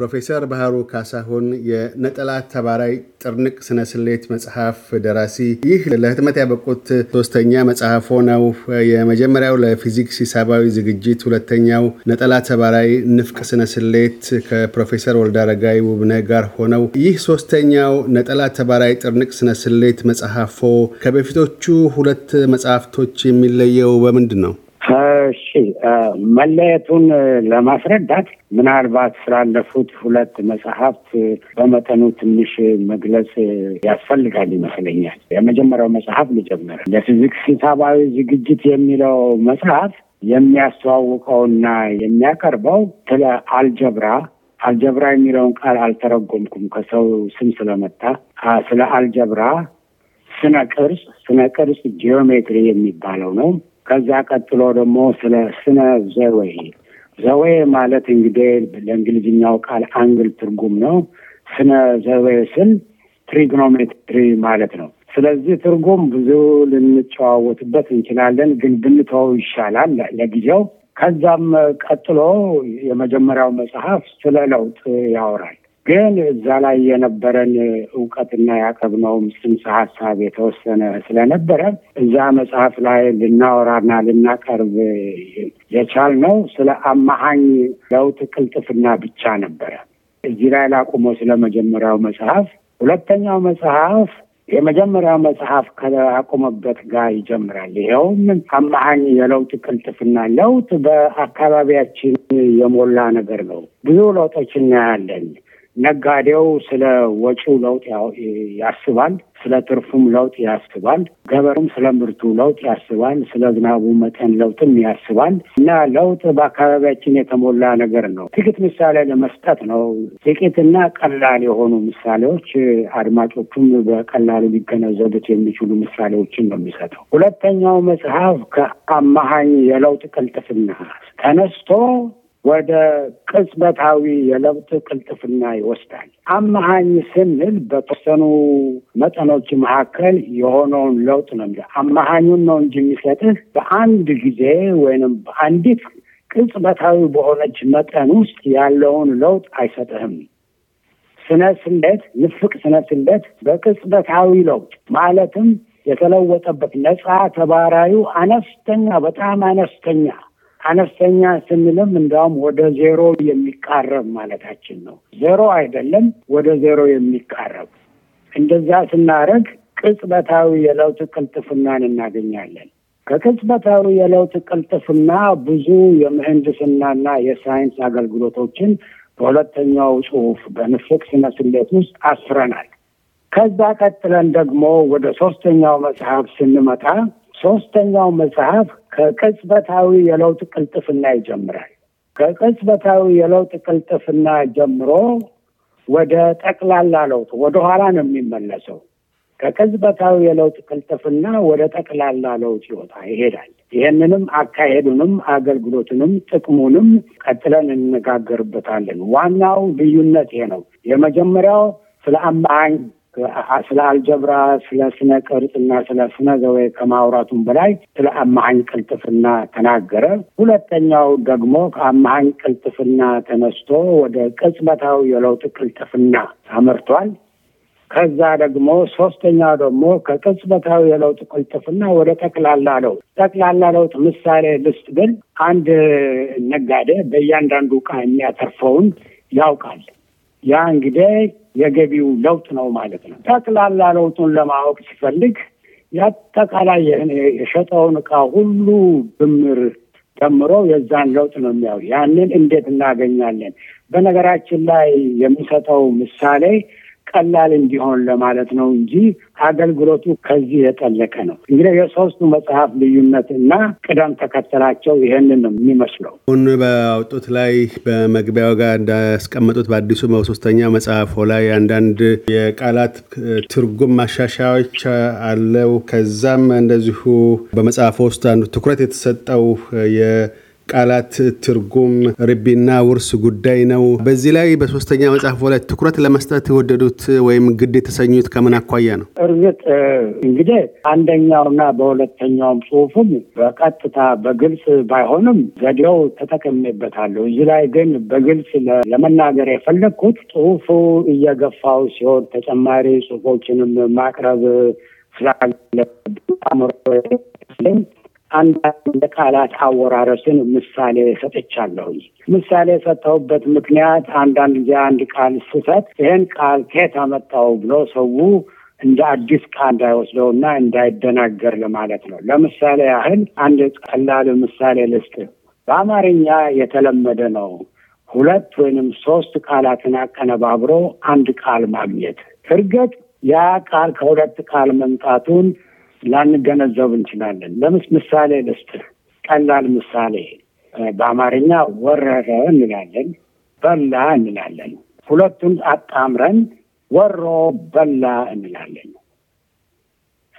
ፕሮፌሰር ባህሩ ካሳሁን የነጠላ ተባራይ ጥርንቅ ስነ ስሌት መጽሐፍ ደራሲ። ይህ ለህትመት ያበቁት ሶስተኛ መጽሐፎ ነው። የመጀመሪያው ለፊዚክስ ሂሳባዊ ዝግጅት፣ ሁለተኛው ነጠላ ተባራይ ንፍቅ ስነ ስሌት ከፕሮፌሰር ወልዳረጋይ ውብነ ጋር ሆነው፣ ይህ ሶስተኛው ነጠላ ተባራይ ጥርንቅ ስነ ስሌት መጽሐፎ ከበፊቶቹ ሁለት መጽሐፍቶች የሚለየው በምንድን ነው? እሺ መለየቱን ለማስረዳት ምናልባት ስላለፉት ሁለት መጽሐፍት በመጠኑ ትንሽ መግለጽ ያስፈልጋል ይመስለኛል። የመጀመሪያው መጽሐፍ ልጀምር። ለፊዚክስ ሂሳባዊ ዝግጅት የሚለው መጽሐፍ የሚያስተዋውቀውና የሚያቀርበው ስለ አልጀብራ አልጀብራ የሚለውን ቃል አልተረጎምኩም ከሰው ስም ስለመጣ ስለ አልጀብራ ስነ ቅርጽ ስነ ቅርጽ ጂኦሜትሪ የሚባለው ነው። ከዛ ቀጥሎ ደግሞ ስለ ስነ ዘዌ ዘዌ ማለት እንግዲህ ለእንግሊዝኛው ቃል አንግል ትርጉም ነው። ስነ ዘዌ ስል ትሪግኖሜትሪ ማለት ነው። ስለዚህ ትርጉም ብዙ ልንጨዋወትበት እንችላለን፣ ግን ብንተወው ይሻላል ለጊዜው። ከዛም ቀጥሎ የመጀመሪያው መጽሐፍ ስለ ለውጥ ያወራል። ግን እዛ ላይ የነበረን እውቀትና ያቀብነውም ስንሰ ሀሳብ የተወሰነ ስለነበረ እዛ መጽሐፍ ላይ ልናወራና ልናቀርብ የቻልነው ስለ አማሃኝ ለውጥ ቅልጥፍና ብቻ ነበረ። እዚህ ላይ ላቁሞ ስለ መጀመሪያው መጽሐፍ። ሁለተኛው መጽሐፍ የመጀመሪያው መጽሐፍ ከአቁመበት ጋር ይጀምራል። ይኸውም አማሃኝ የለውጥ ቅልጥፍና። ለውጥ በአካባቢያችን የሞላ ነገር ነው። ብዙ ለውጦች እናያለን። ነጋዴው ስለ ወጪው ለውጥ ያስባል፣ ስለ ትርፉም ለውጥ ያስባል። ገበሬውም ስለ ምርቱ ለውጥ ያስባል፣ ስለ ዝናቡ መጠን ለውጥም ያስባል እና ለውጥ በአካባቢያችን የተሞላ ነገር ነው። ጥቂት ምሳሌ ለመስጠት ነው። እና ቀላል የሆኑ ምሳሌዎች አድማጮቹም በቀላሉ ሊገነዘቡት የሚችሉ ምሳሌዎችን ነው የሚሰጠው። ሁለተኛው መጽሐፍ ከአማሃኝ የለውጥ ቅልጥፍና ተነስቶ ወደ ቅጽበታዊ የለውጥ ቅልጥፍና ይወስዳል። አማሃኝ ስንል በተወሰኑ መጠኖች መካከል የሆነውን ለውጥ ነው የሚለው። አማሃኙን ነው እንጂ የሚሰጥህ በአንድ ጊዜ ወይንም በአንዲት ቅጽበታዊ በሆነች መጠን ውስጥ ያለውን ለውጥ አይሰጥህም። ስነ ስሌት፣ ንፍቅ ስነ ስሌት በቅጽበታዊ ለውጥ ማለትም የተለወጠበት ነፃ ተባራዩ አነስተኛ፣ በጣም አነስተኛ አነስተኛ ስንልም እንዲያውም ወደ ዜሮ የሚቃረብ ማለታችን ነው። ዜሮ አይደለም፣ ወደ ዜሮ የሚቃረብ እንደዛ ስናደርግ ቅጽበታዊ የለውጥ ቅልጥፍናን እናገኛለን። ከቅጽበታዊ የለውጥ ቅልጥፍና ብዙ የምህንድስናና የሳይንስ አገልግሎቶችን በሁለተኛው ጽሑፍ በንፍቅ ስነ ስሌት ውስጥ አስረናል። ከዛ ቀጥለን ደግሞ ወደ ሶስተኛው መጽሐፍ ስንመጣ ሶስተኛው መጽሐፍ ከቅጽበታዊ የለውጥ ቅልጥፍና ይጀምራል። ከቅጽበታዊ የለውጥ ቅልጥፍና ጀምሮ ወደ ጠቅላላ ለውጥ ወደኋላ ነው የሚመለሰው። ከቅጽበታዊ የለውጥ ቅልጥፍና ወደ ጠቅላላ ለውጥ ይወጣ ይሄዳል። ይህንንም አካሄዱንም አገልግሎቱንም ጥቅሙንም ቀጥለን እንነጋገርበታለን። ዋናው ልዩነት ይሄ ነው። የመጀመሪያው ስለ አማኝ ስለ አልጀብራ ስለ ስነ ቅርጽና ስለ ስነ ዘዌ ከማውራቱም በላይ ስለ አማሀኝ ቅልጥፍና ተናገረ። ሁለተኛው ደግሞ ከአማሃኝ ቅልጥፍና ተነስቶ ወደ ቅጽበታዊ የለውጥ ቅልጥፍና አመርቷል። ከዛ ደግሞ ሶስተኛ ደግሞ ከቅጽበታዊ የለውጥ ቅልጥፍና ወደ ጠቅላላ ለውጥ ጠቅላላ ለውጥ ምሳሌ ልስጥ ግን አንድ ነጋዴ በእያንዳንዱ ዕቃ የሚያተርፈውን ያውቃል። ያ እንግዲህ የገቢው ለውጥ ነው ማለት ነው። ጠቅላላ ለውጡን ለማወቅ ሲፈልግ ያጠቃላይ የሸጠውን እቃ ሁሉ ድምር ጨምሮ የዛን ለውጥ ነው የሚያው ያንን እንዴት እናገኛለን። በነገራችን ላይ የሚሰጠው ምሳሌ ቀላል እንዲሆን ለማለት ነው እንጂ አገልግሎቱ ከዚህ የጠለቀ ነው። እንግዲህ የሶስቱ መጽሐፍ ልዩነት እና ቅደም ተከተላቸው ይህንን ነው የሚመስለው። አሁን በአውጡት ላይ በመግቢያው ጋር እንዳስቀመጡት በአዲሱ በሶስተኛ መጽሐፎ ላይ አንዳንድ የቃላት ትርጉም ማሻሻያዎች አለው። ከዛም እንደዚሁ በመጽሐፎ ውስጥ አንዱ ትኩረት የተሰጠው ቃላት ትርጉም ርቢና ውርስ ጉዳይ ነው። በዚህ ላይ በሶስተኛ መጽሐፍ ላይ ትኩረት ለመስጠት የወደዱት ወይም ግድ የተሰኙት ከምን አኳያ ነው? እርግጥ እንግዲህ አንደኛውና በሁለተኛውም ጽሁፉም በቀጥታ በግልጽ ባይሆንም ዘዴው ተጠቅሜበታለሁ። እዚህ ላይ ግን በግልጽ ለመናገር የፈለግኩት ጽሁፉ እየገፋው ሲሆን ተጨማሪ ጽሁፎችንም ማቅረብ ስላለ አንዳንድ ቃላት አወራረስን ምሳሌ ሰጥቻለሁኝ። ምሳሌ የሰጠሁበት ምክንያት አንዳንድ ጊዜ አንድ ቃል ስሰጥ ይህን ቃል ከየት አመጣው ብሎ ሰው እንደ አዲስ ቃል እና እንዳይደናገር ለማለት ነው። ለምሳሌ ያህል አንድ ቀላል ምሳሌ ልስጥ። በአማርኛ የተለመደ ነው ሁለት ወይንም ሶስት ቃላትን አቀነባብሮ አንድ ቃል ማግኘት። እርግጥ ያ ቃል ከሁለት ቃል መምጣቱን ላንገነዘብ እንችላለን። ለምስ ምሳሌ ልስጥ። ቀላል ምሳሌ በአማርኛ ወረረ እንላለን፣ በላ እንላለን። ሁለቱን አጣምረን ወሮ በላ እንላለን።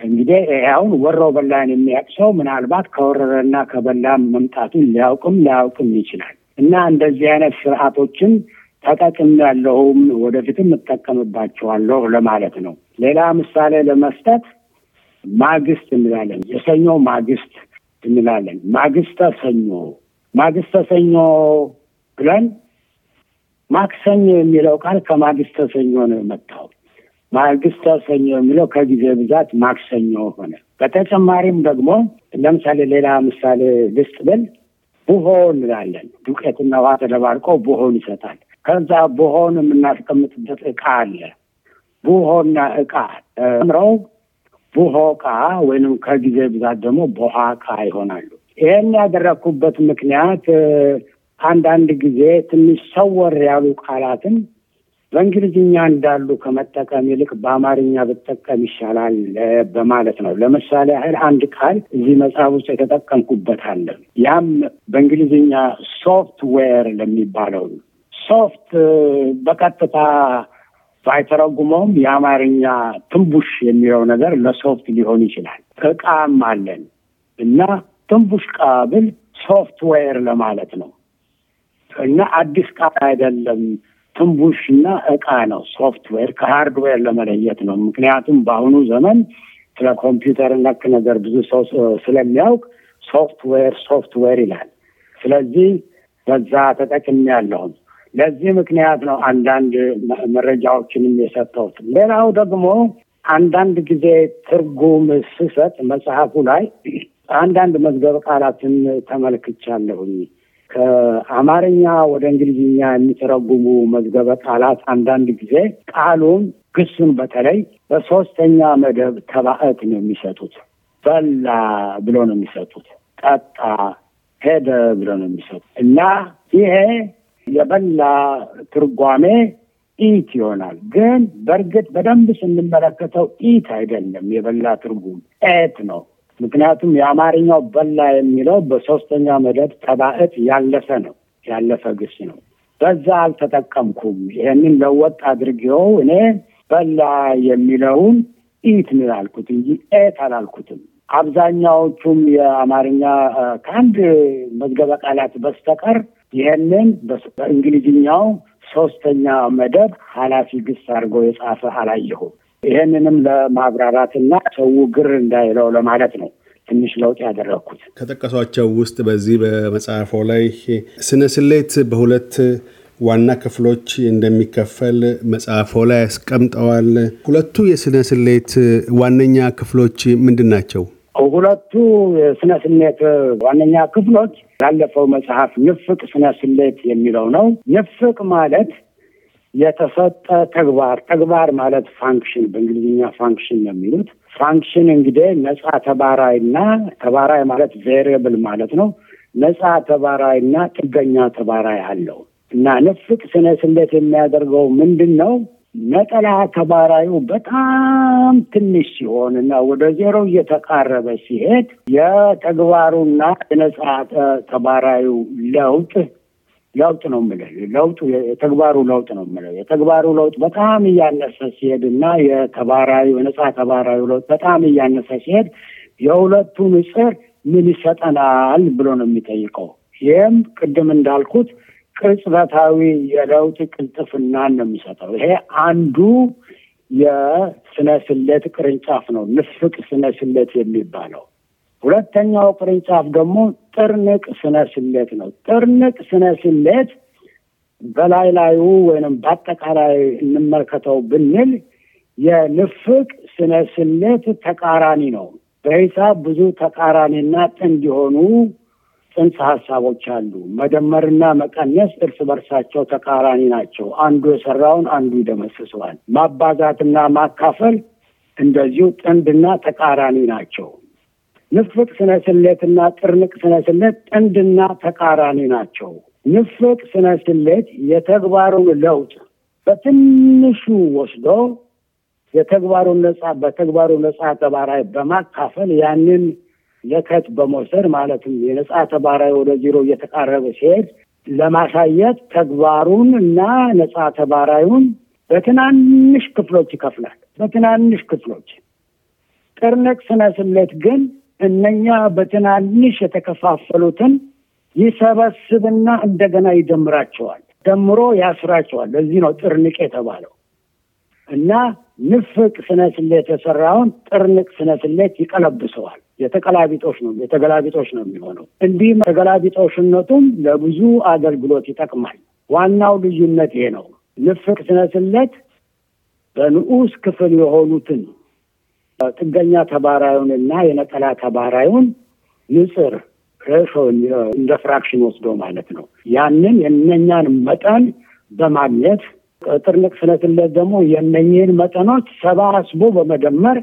እንግዲህ አሁን ወሮ በላን የሚያውቅ ሰው ምናልባት ከወረረና ከበላ መምጣቱን ሊያውቅም ሊያውቅም ይችላል። እና እንደዚህ አይነት ስርዓቶችን ተጠቅም ያለውም ወደፊትም እጠቀምባቸዋለሁ ለማለት ነው። ሌላ ምሳሌ ለመስጠት ማግስት እንላለን። የሰኞ ማግስት እንላለን። ማግስተ ሰኞ፣ ማግስተ ሰኞ ብለን ማክሰኞ የሚለው ቃል ከማግስተ ሰኞ ነው የመጣው። ማግስተ ሰኞ የሚለው ከጊዜ ብዛት ማክሰኞ ሆነ። በተጨማሪም ደግሞ ለምሳሌ ሌላ ምሳሌ ልስጥ ብል ቡሆ እንላለን። ዱቄትና ውሃ ተደባልቆ ቡሆን ይሰጣል። ከዛ ቡሆን የምናስቀምጥበት እቃ አለ። ቡሆና እቃ ምረው ቡሆቃ ወይንም ከጊዜ ብዛት ደግሞ ቦሃካ ይሆናሉ። ይህን ያደረግኩበት ምክንያት አንዳንድ ጊዜ ትንሽ ሰወር ያሉ ቃላትን በእንግሊዝኛ እንዳሉ ከመጠቀም ይልቅ በአማርኛ ብጠቀም ይሻላል በማለት ነው። ለምሳሌ ያህል አንድ ቃል እዚህ መጽሐፍ ውስጥ የተጠቀምኩበት አለ። ያም በእንግሊዝኛ ሶፍትዌር ለሚባለው ሶፍት በቀጥታ ባይተረጉመውም የአማርኛ ትንቡሽ የሚለው ነገር ለሶፍት ሊሆን ይችላል። እቃም አለን እና ትንቡሽ ቃብል ሶፍትዌር ለማለት ነው እና አዲስ ቃ አይደለም። ትንቡሽ እና እቃ ነው። ሶፍትዌር ከሃርድዌር ለመለየት ነው። ምክንያቱም በአሁኑ ዘመን ስለ ኮምፒውተር ነክ ነገር ብዙ ሰው ስለሚያውቅ ሶፍትዌር ሶፍትዌር ይላል። ስለዚህ በዛ ተጠቅሜ ያለሁም ለዚህ ምክንያት ነው አንዳንድ መረጃዎችንም የሰጠሁት። ሌላው ደግሞ አንዳንድ ጊዜ ትርጉም ስሰጥ መጽሐፉ ላይ አንዳንድ መዝገብ ቃላትን ተመልክቻለሁኝ። ከአማርኛ ወደ እንግሊዝኛ የሚተረጉሙ መዝገበ ቃላት አንዳንድ ጊዜ ቃሉን ግሱን በተለይ በሶስተኛ መደብ ተባዕት ነው የሚሰጡት። በላ ብሎ ነው የሚሰጡት፣ ጠጣ፣ ሄደ ብሎ ነው የሚሰጡት እና ይሄ የበላ ትርጓሜ ኢት ይሆናል። ግን በእርግጥ በደንብ ስንመለከተው ኢት አይደለም የበላ ትርጉም ኤት ነው። ምክንያቱም የአማርኛው በላ የሚለው በሶስተኛ መደብ ተባዕት ያለፈ ነው ያለፈ ግስ ነው። በዛ አልተጠቀምኩም። ይህንን ለወጥ አድርጌው እኔ በላ የሚለውን ኢት ነው ያልኩት እንጂ ኤት አላልኩትም። አብዛኛዎቹም የአማርኛ ከአንድ መዝገበ ቃላት በስተቀር ይህንን በእንግሊዝኛው ሶስተኛ መደብ ኃላፊ ግስ አድርጎ የጻፈ አላየሁም። ይህንንም ለማብራራትና ሰው ግር እንዳይለው ለማለት ነው ትንሽ ለውጥ ያደረግኩት። ከጠቀሷቸው ውስጥ በዚህ በመጽሐፎ ላይ ስነ ስሌት በሁለት ዋና ክፍሎች እንደሚከፈል መጽሐፎ ላይ ያስቀምጠዋል። ሁለቱ የስነ ስሌት ዋነኛ ክፍሎች ምንድን ናቸው? ከሁለቱ ስነ ስሌት ዋነኛ ክፍሎች ያለፈው መጽሐፍ ንፍቅ ስነ ስሌት የሚለው ነው። ንፍቅ ማለት የተሰጠ ተግባር፣ ተግባር ማለት ፋንክሽን፣ በእንግሊዝኛ ፋንክሽን ነው የሚሉት። ፋንክሽን እንግዲህ ነፃ ተባራይ ተባራይ ማለት ቬሪየብል ማለት ነው። ነፃ ተባራይ ጥገኛ ተባራይ አለው እና ንፍቅ ስነ ስሌት የሚያደርገው ምንድን ነው? ነጠላ ተባራዩ በጣም ትንሽ ሲሆን እና ወደ ዜሮ እየተቃረበ ሲሄድ የተግባሩና የነጻ ተባራዩ ለውጥ ለውጥ ነው የምልህ ለውጡ የተግባሩ ለውጥ ነው የምልህ የተግባሩ ለውጥ በጣም እያነሰ ሲሄድ እና የተባራዩ የነጻ ተባራዩ ለውጥ በጣም እያነሰ ሲሄድ የሁለቱ ንጽር ምን ይሰጠናል ብሎ ነው የሚጠይቀው። ይህም ቅድም እንዳልኩት ቅጽበታዊ የለውጥ ቅልጥፍናን ነው የሚሰጠው። ይሄ አንዱ የስነ ስሌት ቅርንጫፍ ነው፣ ንፍቅ ስነ ስለት የሚባለው። ሁለተኛው ቅርንጫፍ ደግሞ ጥርንቅ ስነ ስሌት ነው። ጥርንቅ ስነ ስሌት በላይ ላዩ ወይም በአጠቃላይ እንመልከተው ብንል የንፍቅ ስነ ስሌት ተቃራኒ ነው። በሂሳብ ብዙ ተቃራኒና ጥንድ የሆኑ ጽንሰ ሀሳቦች አሉ። መደመርና መቀነስ እርስ በርሳቸው ተቃራኒ ናቸው። አንዱ የሰራውን አንዱ ይደመስሰዋል። ማባዛትና ማካፈል እንደዚሁ ጥንድና ተቃራኒ ናቸው። ንፍቅ ስነ ስሌትና ጥርንቅ ስነ ስሌት ጥንድና ተቃራኒ ናቸው። ንፍቅ ስነ ስሌት የተግባሩን ለውጥ በትንሹ ወስዶ የተግባሩን ነጻ በተግባሩ ነጻ ተባራይ በማካፈል ያንን ለከት በመውሰድ ማለትም የነጻ ተባራሪ ወደ ዜሮ እየተቃረበ ሲሄድ ለማሳየት ተግባሩን እና ነጻ ተባራዩን በትናንሽ ክፍሎች ይከፍላል። በትናንሽ ክፍሎች ጥርንቅ ስነ ስሌት ግን እነኛ በትናንሽ የተከፋፈሉትን ይሰበስብና እንደገና ይደምራቸዋል። ደምሮ ያስራቸዋል። ለዚህ ነው ጥርንቅ የተባለው እና ንፍቅ ስነ ስሌት የሰራውን ጥርንቅ ስነ ስሌት ይቀለብሰዋል። የተቀላቢጦች ነው የተገላቢጦች ነው የሚሆነው። እንዲህም ተገላቢጦሽነቱም ለብዙ አገልግሎት ይጠቅማል። ዋናው ልዩነት ይሄ ነው። ንፍቅ ስነስለት በንዑስ ክፍል የሆኑትን ጥገኛ ተባራዩን እና የነጠላ ተባራዩን ንጽር ሬሾ እንደ ፍራክሽን ወስዶ ማለት ነው። ያንን የነኛን መጠን በማግኘት ጥርንቅ ስነስለት ደግሞ የነኝህን መጠኖች ሰባስቦ በመደመር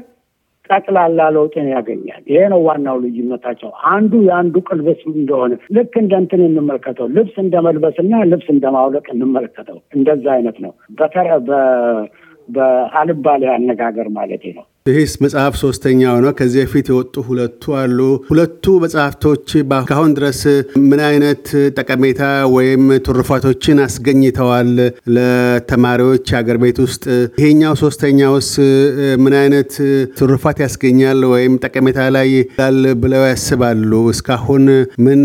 ጠቅላላ ለውጥን ያገኛል። ይሄ ነው ዋናው ልዩነታቸው። አንዱ የአንዱ ቅልብስ እንደሆነ ልክ እንደ እንትን እንመልከተው፣ ልብስ እንደ መልበስና ልብስ እንደ ማውለቅ እንመልከተው። እንደዛ አይነት ነው በተረ በአልባሌ አነጋገር ማለት ነው። ይህስ መጽሐፍ ሶስተኛው ነው። ከዚህ በፊት የወጡ ሁለቱ አሉ። ሁለቱ መጽሐፍቶች ካሁን ድረስ ምን አይነት ጠቀሜታ ወይም ትሩፋቶችን አስገኝተዋል ለተማሪዎች አገር ቤት ውስጥ? ይሄኛው ሶስተኛውስ ምን አይነት ትሩፋት ያስገኛል ወይም ጠቀሜታ ላይ ይላል ብለው ያስባሉ? እስካሁን ምን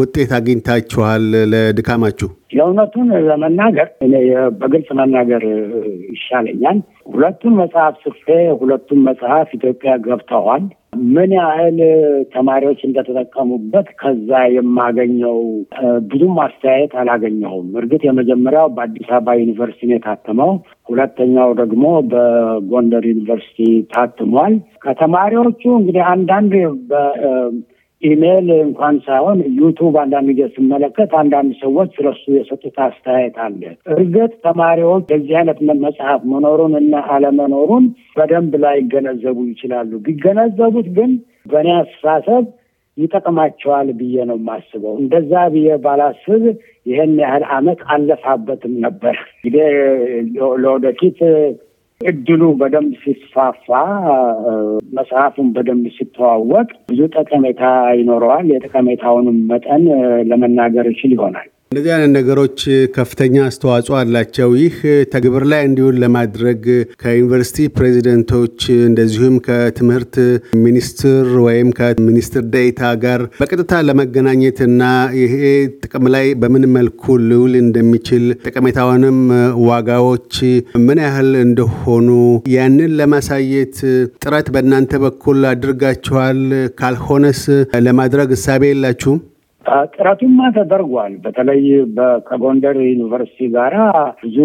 ውጤት አግኝታችኋል ለድካማችሁ? የእውነቱን ለመናገር እኔ በግልጽ መናገር ይሻለኛል። ሁለቱን መጽሐፍ ጽፌ ሁለቱን መጽሐፍ ኢትዮጵያ ገብተዋል። ምን ያህል ተማሪዎች እንደተጠቀሙበት ከዛ የማገኘው ብዙም አስተያየት አላገኘሁም። እርግጥ የመጀመሪያው በአዲስ አበባ ዩኒቨርሲቲ ነው የታተመው። ሁለተኛው ደግሞ በጎንደር ዩኒቨርሲቲ ታትሟል። ከተማሪዎቹ እንግዲህ አንዳንድ ኢሜይል እንኳን ሳይሆን ዩቱብ አንዳንድ ጊዜ ስመለከት አንዳንድ ሰዎች ስለሱ የሰጡት አስተያየት አለ። እርግጥ ተማሪዎች በዚህ አይነት መጽሐፍ መኖሩን እና አለመኖሩን በደንብ ላይገነዘቡ ይችላሉ። ቢገነዘቡት ግን በእኔ አስተሳሰብ ይጠቅማቸዋል ብዬ ነው የማስበው። እንደዛ ብዬ ባላስብ ይህን ያህል አመት አለፋበትም ነበር። እንግዲህ ለወደፊት እድሉ በደንብ ሲስፋፋ መጽሐፉን በደንብ ሲተዋወቅ ብዙ ጠቀሜታ ይኖረዋል። የጠቀሜታውንም መጠን ለመናገር ይችል ይሆናል። እነዚህ አይነት ነገሮች ከፍተኛ አስተዋጽኦ አላቸው። ይህ ተግብር ላይ እንዲሁን ለማድረግ ከዩኒቨርሲቲ ፕሬዚደንቶች እንደዚሁም ከትምህርት ሚኒስትር ወይም ከሚኒስትር ዴኤታ ጋር በቀጥታ እና ይሄ ጥቅም ላይ በምን መልኩ ልውል እንደሚችል ጠቀሜታውንም ዋጋዎች ምን ያህል እንደሆኑ ያንን ለማሳየት ጥረት በእናንተ በኩል አድርጋችኋል? ካልሆነስ ለማድረግ እሳቤ የላችሁም? ጥረቱማ ተደርጓል። በተለይ ከጎንደር ዩኒቨርሲቲ ጋራ ብዙ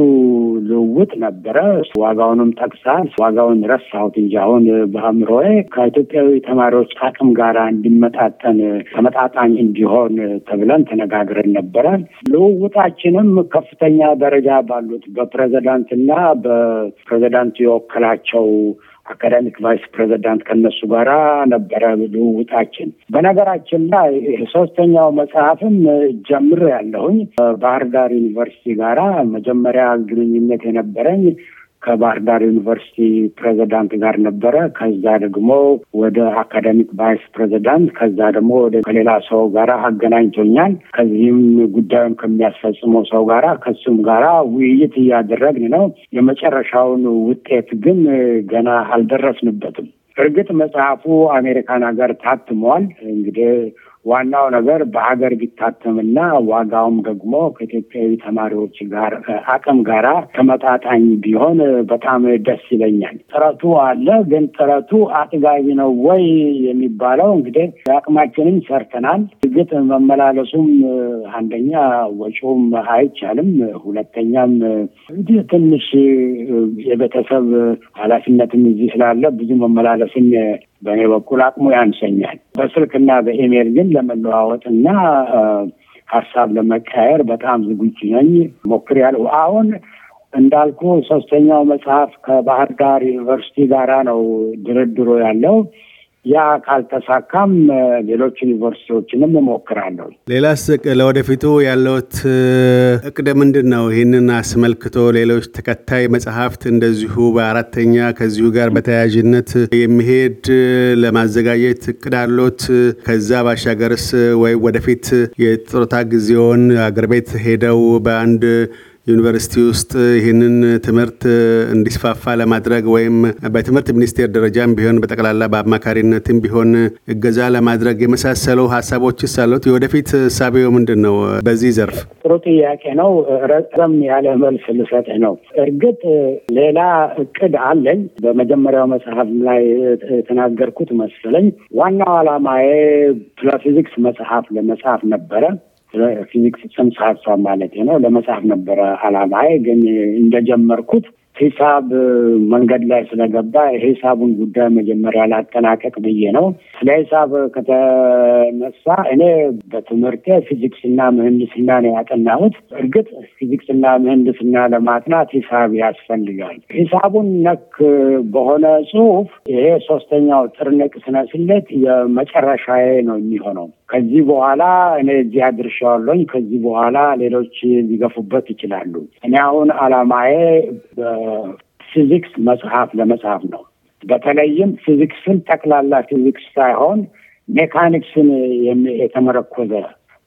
ልውውጥ ነበረ። ዋጋውንም ጠቅሳል። ዋጋውን ረሳሁት እንጂ አሁን በአእምሮዬ ከኢትዮጵያዊ ተማሪዎች አቅም ጋራ እንዲመጣጠን ተመጣጣኝ እንዲሆን ተብለን ተነጋግረን ነበረ። ልውውጣችንም ከፍተኛ ደረጃ ባሉት በፕሬዚዳንትና በፕሬዚዳንት የወከላቸው አካዳሚክ ቫይስ ፕሬዚዳንት ከነሱ ጋራ ነበረ ልውውጣችን። በነገራችን ላይ ሶስተኛው መጽሐፍም ጀምር ያለሁኝ ባህር ዳር ዩኒቨርሲቲ ጋራ መጀመሪያ ግንኙነት የነበረኝ ከባህር ዳር ዩኒቨርሲቲ ፕሬዚዳንት ጋር ነበረ። ከዛ ደግሞ ወደ አካዳሚክ ቫይስ ፕሬዚዳንት፣ ከዛ ደግሞ ወደ ከሌላ ሰው ጋራ አገናኝቶኛል። ከዚህም ጉዳዩን ከሚያስፈጽመው ሰው ጋራ ከሱም ጋራ ውይይት እያደረግን ነው። የመጨረሻውን ውጤት ግን ገና አልደረስንበትም። እርግጥ መጽሐፉ አሜሪካን ሀገር ታትሟል። እንግዲህ ዋናው ነገር በሀገር ቢታተምና ዋጋውም ደግሞ ከኢትዮጵያዊ ተማሪዎች ጋር አቅም ጋራ ተመጣጣኝ ቢሆን በጣም ደስ ይለኛል። ጥረቱ አለ፣ ግን ጥረቱ አጥጋቢ ነው ወይ የሚባለው እንግዲህ አቅማችንን ሰርተናል። እርግጥ መመላለሱም አንደኛ ወጪውም አይቻልም፣ ሁለተኛም እንዲህ ትንሽ የቤተሰብ ኃላፊነትም እዚህ ስላለ ብዙ መመላለስም በእኔ በኩል አቅሙ ያንሰኛል። በስልክና በኢሜይል ግን ለመለዋወጥና ሀሳብ ለመቀያየር በጣም ዝግጁ ነኝ። ሞክሬያለሁ። አሁን እንዳልኩ ሶስተኛው መጽሐፍ ከባህር ዳር ዩኒቨርሲቲ ጋራ ነው ድርድሮ ያለው። ያ ካልተሳካም ሌሎች ዩኒቨርሲቲዎችንም እሞክራለሁ። ሌላስ ለወደፊቱ ያለውት እቅድ ምንድን ነው? ይህንን አስመልክቶ ሌሎች ተከታይ መጽሐፍት እንደዚሁ በአራተኛ ከዚሁ ጋር በተያያዥነት የሚሄድ ለማዘጋጀት እቅድ አሎት? ከዛ ባሻገርስ ወይ ወደፊት የጥሮታ ጊዜውን አገር ቤት ሄደው በአንድ ዩኒቨርሲቲ ውስጥ ይህንን ትምህርት እንዲስፋፋ ለማድረግ ወይም በትምህርት ሚኒስቴር ደረጃም ቢሆን በጠቅላላ በአማካሪነትም ቢሆን እገዛ ለማድረግ የመሳሰሉ ሀሳቦች ሳሉት የወደፊት ሳቢው ምንድን ነው? በዚህ ዘርፍ ጥሩ ጥያቄ ነው። ረዘም ያለ መልስ ልሰጥህ ነው። እርግጥ ሌላ እቅድ አለኝ። በመጀመሪያው መጽሐፍ ላይ የተናገርኩት መሰለኝ ዋናው ዓላማዬ ፊዚክስ መጽሐፍ ለመጽሐፍ ነበረ። ፊዚክስ ጽንሰ ሀሳብ ማለት ነው ለመጽሐፍ ነበረ አላማዬ። ግን እንደጀመርኩት ሂሳብ መንገድ ላይ ስለገባ የሂሳቡን ጉዳይ መጀመሪያ ላጠናቀቅ ብዬ ነው። ስለ ሂሳብ ከተነሳ እኔ በትምህርቴ ፊዚክስና ምህንድስና ነው ያጠናሁት። እርግጥ ፊዚክስና ምህንድስና ለማጥናት ሂሳብ ያስፈልጋል። ሂሳቡን ነክ በሆነ ጽሁፍ ይሄ ሶስተኛው ጥርንቅ ስነ ስሌት የመጨረሻዬ ነው የሚሆነው ከዚህ በኋላ እኔ እዚህ አድርሻዋለኝ ከዚህ በኋላ ሌሎች ሊገፉበት ይችላሉ። እኔ አሁን አላማዬ በፊዚክስ መጽሐፍ ለመጽሐፍ ነው። በተለይም ፊዚክስን ጠቅላላ ፊዚክስ ሳይሆን ሜካኒክስን የተመረኮዘ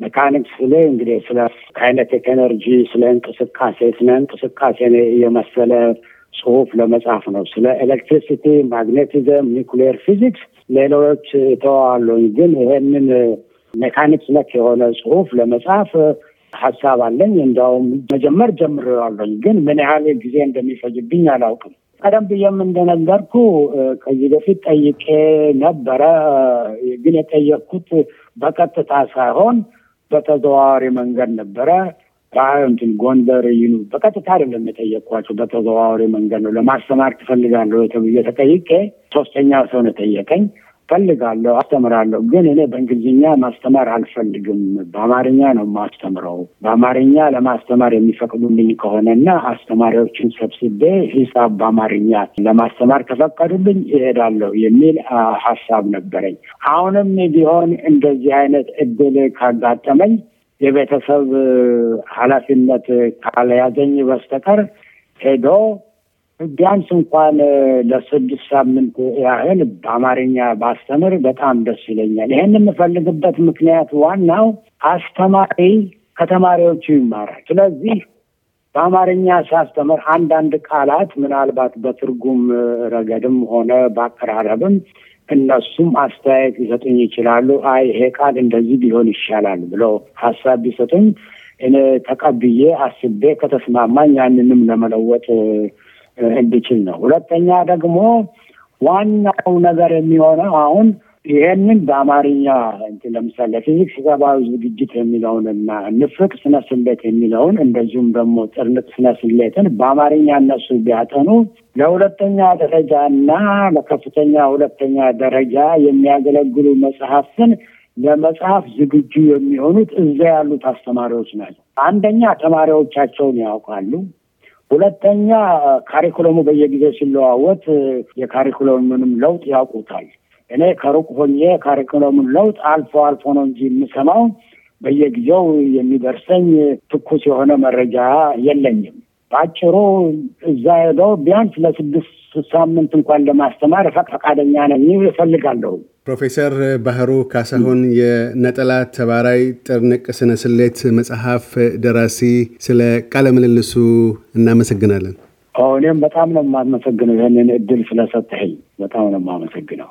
ሜካኒክስ ላይ እንግዲህ ስለ ካይነቲክ ኤነርጂ፣ ስለ እንቅስቃሴ፣ ስለ እንቅስቃሴ የመሰለ ጽሁፍ ለመጽሐፍ ነው። ስለ ኤሌክትሪሲቲ፣ ማግኔቲዝም፣ ኒኩሌር ፊዚክስ ሌሎች ተዋዋለኝ ግን ይሄንን ሜካኒክስ ነክ የሆነ ጽሁፍ ለመጻፍ ሀሳብ አለኝ። እንዲያውም መጀመር ጀምረዋለኝ፣ ግን ምን ያህል ጊዜ እንደሚፈጅብኝ አላውቅም። ቀደም ብዬም እንደነገርኩ ከዚህ በፊት ጠይቄ ነበረ። ግን የጠየቅኩት በቀጥታ ሳይሆን በተዘዋዋሪ መንገድ ነበረ። እንትን ጎንደር ይኑ በቀጥታ አይደለም የጠየቅኳቸው፣ በተዘዋዋሪ መንገድ ነው። ለማስተማር ትፈልጋለሁ ተብዬ ተጠይቄ ሶስተኛ ሰው ነው የጠየቀኝ። ፈልጋለሁ፣ አስተምራለሁ። ግን እኔ በእንግሊዝኛ ማስተማር አልፈልግም። በአማርኛ ነው የማስተምረው። በአማርኛ ለማስተማር የሚፈቅዱልኝ ከሆነና አስተማሪዎችን ሰብስቤ ሂሳብ በአማርኛ ለማስተማር ከፈቀዱልኝ ይሄዳለሁ የሚል ሀሳብ ነበረኝ። አሁንም ቢሆን እንደዚህ አይነት እድል ካጋጠመኝ የቤተሰብ ኃላፊነት ካልያዘኝ በስተቀር ሄዶ ቢያንስ እንኳን ለስድስት ሳምንት ያህል በአማርኛ ባስተምር በጣም ደስ ይለኛል። ይህን የምፈልግበት ምክንያት ዋናው አስተማሪ ከተማሪዎቹ ይማራል። ስለዚህ በአማርኛ ሳስተምር አንዳንድ ቃላት ምናልባት በትርጉም ረገድም ሆነ በአቀራረብም እነሱም አስተያየት ሊሰጡኝ ይችላሉ። አይ ይሄ ቃል እንደዚህ ቢሆን ይሻላል ብሎ ሀሳብ ቢሰጡኝ እኔ ተቀብዬ አስቤ ከተስማማኝ ያንንም ለመለወጥ እንዲችል ነው። ሁለተኛ ደግሞ ዋናው ነገር የሚሆነው አሁን ይሄንን በአማርኛ ለምሳሌ ፊዚክስ ሰብአዊ ዝግጅት የሚለውን እና ንፍቅ ስነ ስሌት የሚለውን እንደዚሁም ደግሞ ጥርንቅ ስነ ስሌትን በአማርኛ እነሱ ቢያጠኑ ለሁለተኛ ደረጃ እና ለከፍተኛ ሁለተኛ ደረጃ የሚያገለግሉ መጽሐፍትን ለመጽሐፍ ዝግጁ የሚሆኑት እዛ ያሉት አስተማሪዎች ናቸው። አንደኛ ተማሪዎቻቸውን ያውቃሉ። ሁለተኛ ካሪኩለሙ በየጊዜው ሲለዋወጥ የካሪኩለሙንም ለውጥ ያውቁታል። እኔ ከሩቅ ሆኜ ካሪኩለሙን ለውጥ አልፎ አልፎ ነው እንጂ የምሰማው በየጊዜው የሚደርሰኝ ትኩስ የሆነ መረጃ የለኝም። በአጭሩ እዛ ሄዶ ቢያንስ ለስድስት ሳምንት እንኳን ለማስተማር ፈቃደኛ ነኝ እፈልጋለሁ። ፕሮፌሰር ባህሩ ካሳሁን የነጠላ ተባራይ ጥርንቅ ስነ ስሌት መጽሐፍ ደራሲ፣ ስለ ቃለ ምልልሱ እናመሰግናለን። እኔም በጣም ነው የማመሰግነው ይህንን እድል ስለሰጠኸኝ በጣም ነው የማመሰግነው።